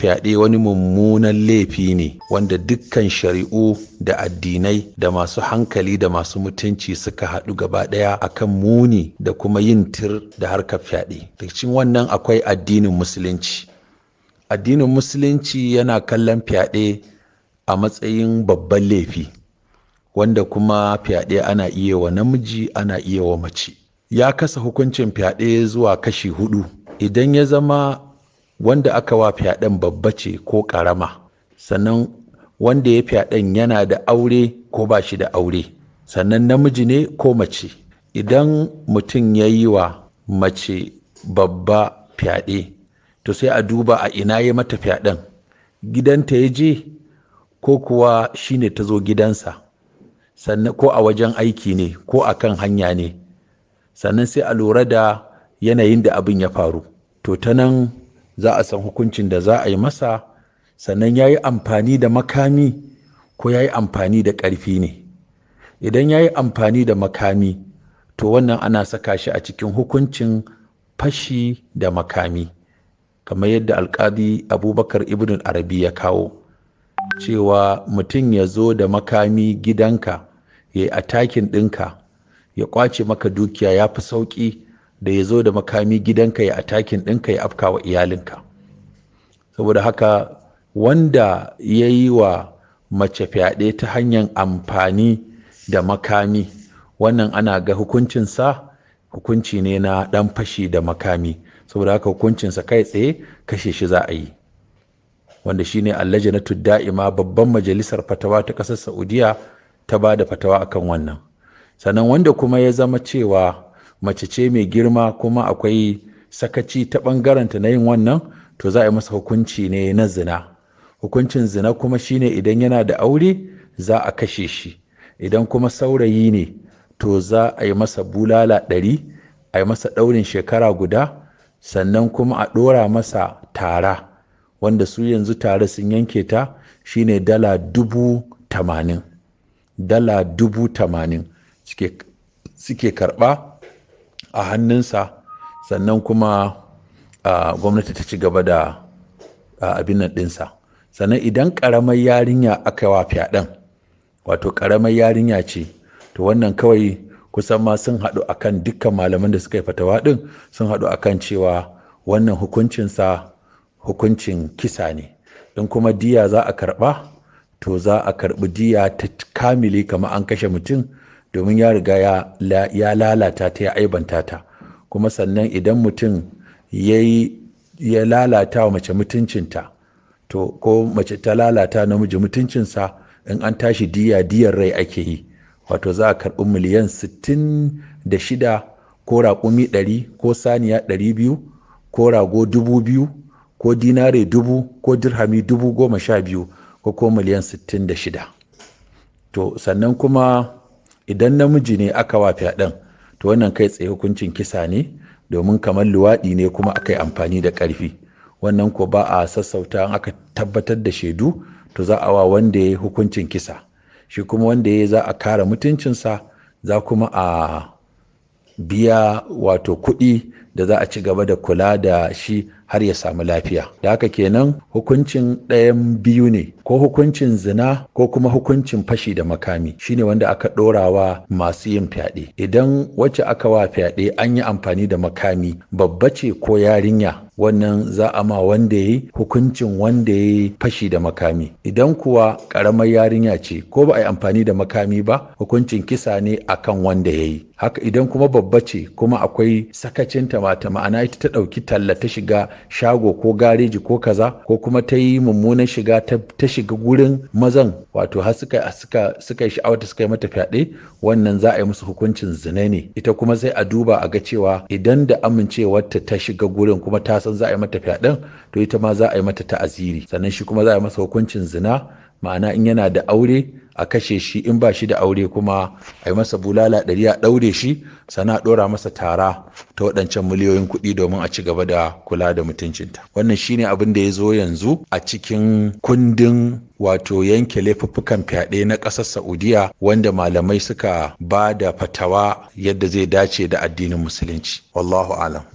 fyaɗe wani mummunan laifi ne wanda dukkan shari'u da addinai da masu hankali da masu mutunci suka haɗu gaba ɗaya akan muni da kuma yin tir da harkar fyaɗe cikin wannan akwai addinin musulunci addinin musulunci yana kallon fyaɗe a matsayin babban laifi wanda kuma fyaɗe ana iya wa namiji ana iya wa mace ya kasa hukuncin fyaɗe zuwa kashi hudu idan ya zama wanda aka wa fyaɗen babba ce ko ƙarama sannan wanda ya fyaɗen yana da aure ko ba shi da aure sannan namiji ne ko mace idan mutum ya yi wa mace babba fyaɗe to sai a duba a ina ya mata fyaɗen gidanta ya je ko kuwa shi ne ta zo gidansa sannan ko a wajen aiki ne ko a kan hanya ne sannan sai a lura da yanayin da abin ya faru to ta nan za a san hukuncin da za a yi masa sannan ya yi amfani da makami ko ya yi amfani da ƙarfi ne idan ya yi amfani da makami to wannan ana saka shi a cikin hukuncin fashi da makami kamar yadda alkadi abubakar ibn arabi ya kawo cewa mutum ya zo da makami gidanka ya yi takin ɗinka ya ƙwace maka dukiya ya fi sauƙi da ya zo da makami gidanka ya atakin ɗinka ya afka wa iyalinka saboda haka wanda ya yi wa mace fyaɗe ta hanyar amfani da makami wannan ana ga hukuncinsa hukunci ne na ɗan fashi da makami saboda haka hukuncinsa kai tsaye kashe shi za a yi wanda shine na da'ima babban majalisar fatawa ta ƙasar Saudiyya ta ba da fatawa akan wannan sannan wanda kuma ya zama cewa mace ce mai girma kuma akwai sakaci ta ɓangaranta na yin wannan to za a yi masa hukunci ne na zina hukuncin zina kuma shine idan yana da aure za a kashe shi idan kuma saurayi ne to za a yi masa bulala ɗari a yi masa ɗaurin shekara guda sannan kuma a ɗora masa tara wanda su yanzu tare sun yanke ta shine dala dubu tamanin dala dubu tamanin suke karɓa a hannunsa sannan kuma gwamnati ta ci gaba da abin nan ɗinsa sannan idan ƙaramar yarinya aka wa fyaɗen wato ƙaramar yarinya ce to wannan kawai kusan ma sun haɗu akan dukkan malaman da suka yi fatawa ɗin sun haɗu akan cewa wannan hukuncinsa hukuncin kisa ne in kuma diya za a karɓa to za a karɓi diya ta kamili kamar an kashe mutum domin ya riga ya lalata ta ya aibanta ta kuma sannan idan mutum ya lalata wa mace mutuncinta to ko mace ta lalata namiji mutuncinsa in an tashi diya diyar rai ake yi wato za a karɓi miliyan 66 ko raƙumi 100 ko saniya 200 ko rago 2000 ko dinare 1000 ko dirhami sha ko ko miliyan 66 to sannan kuma idan namiji ne aka wa fyaɗen to wannan kai tsaye hukuncin kisa ne domin kamar luwaɗi ne kuma aka yi amfani da ƙarfi wannan ko ba a sassauta aka tabbatar da shaidu to za a wa wanda ya yi hukuncin kisa shi kuma wanda ya yi za a kara mutuncinsa za kuma a biya wato kuɗi da za a ci gaba da kula da shi har ya samu lafiya da haka kenan hukuncin ɗayan biyu ne ko hukuncin zina ko kuma hukuncin fashi da makami shine wanda aka ɗorawa masu yin fyaɗe idan wacce aka wa fyaɗe an yi amfani da makami babba ce ko yarinya wannan za a ma wanda ya yi hukuncin wanda ya yi fashi da makami idan kuwa ƙaramar yarinya ce ko ba a yi amfani da makami ba hukuncin kisa ne akan wanda ya yi haka idan kuma babba ce kuma akwai sakacinta kamata ma'ana ita ta ɗauki talla ta shiga shago ko gareji ko kaza ko kuma ta yi mummunan shiga ta shiga gurin mazan wato har suka suka yi sha'awata suka yi mata fyaɗe wannan za a yi musu hukuncin zina ne ita kuma sai a duba a ga cewa idan da amincewarta ta shiga gurin kuma ta san za a yi mata fyaɗen to ita ma za a yi mata ta'aziri sannan shi kuma za a yi masa hukuncin zina ma'ana in yana da aure a kashe shi in ba shi da aure kuma a yi masa bulala ɗari a ɗaure shi sana ɗora masa tara ta waɗancan miliyoyin kuɗi domin a ci gaba da kula da mutuncinta wannan shine abin da ya zo yanzu a cikin kundin wato yanke laifuffukan fyaɗe na ƙasar saudiya wanda malamai suka ba da fatawa yadda zai dace da addinin musulunci wallahu alam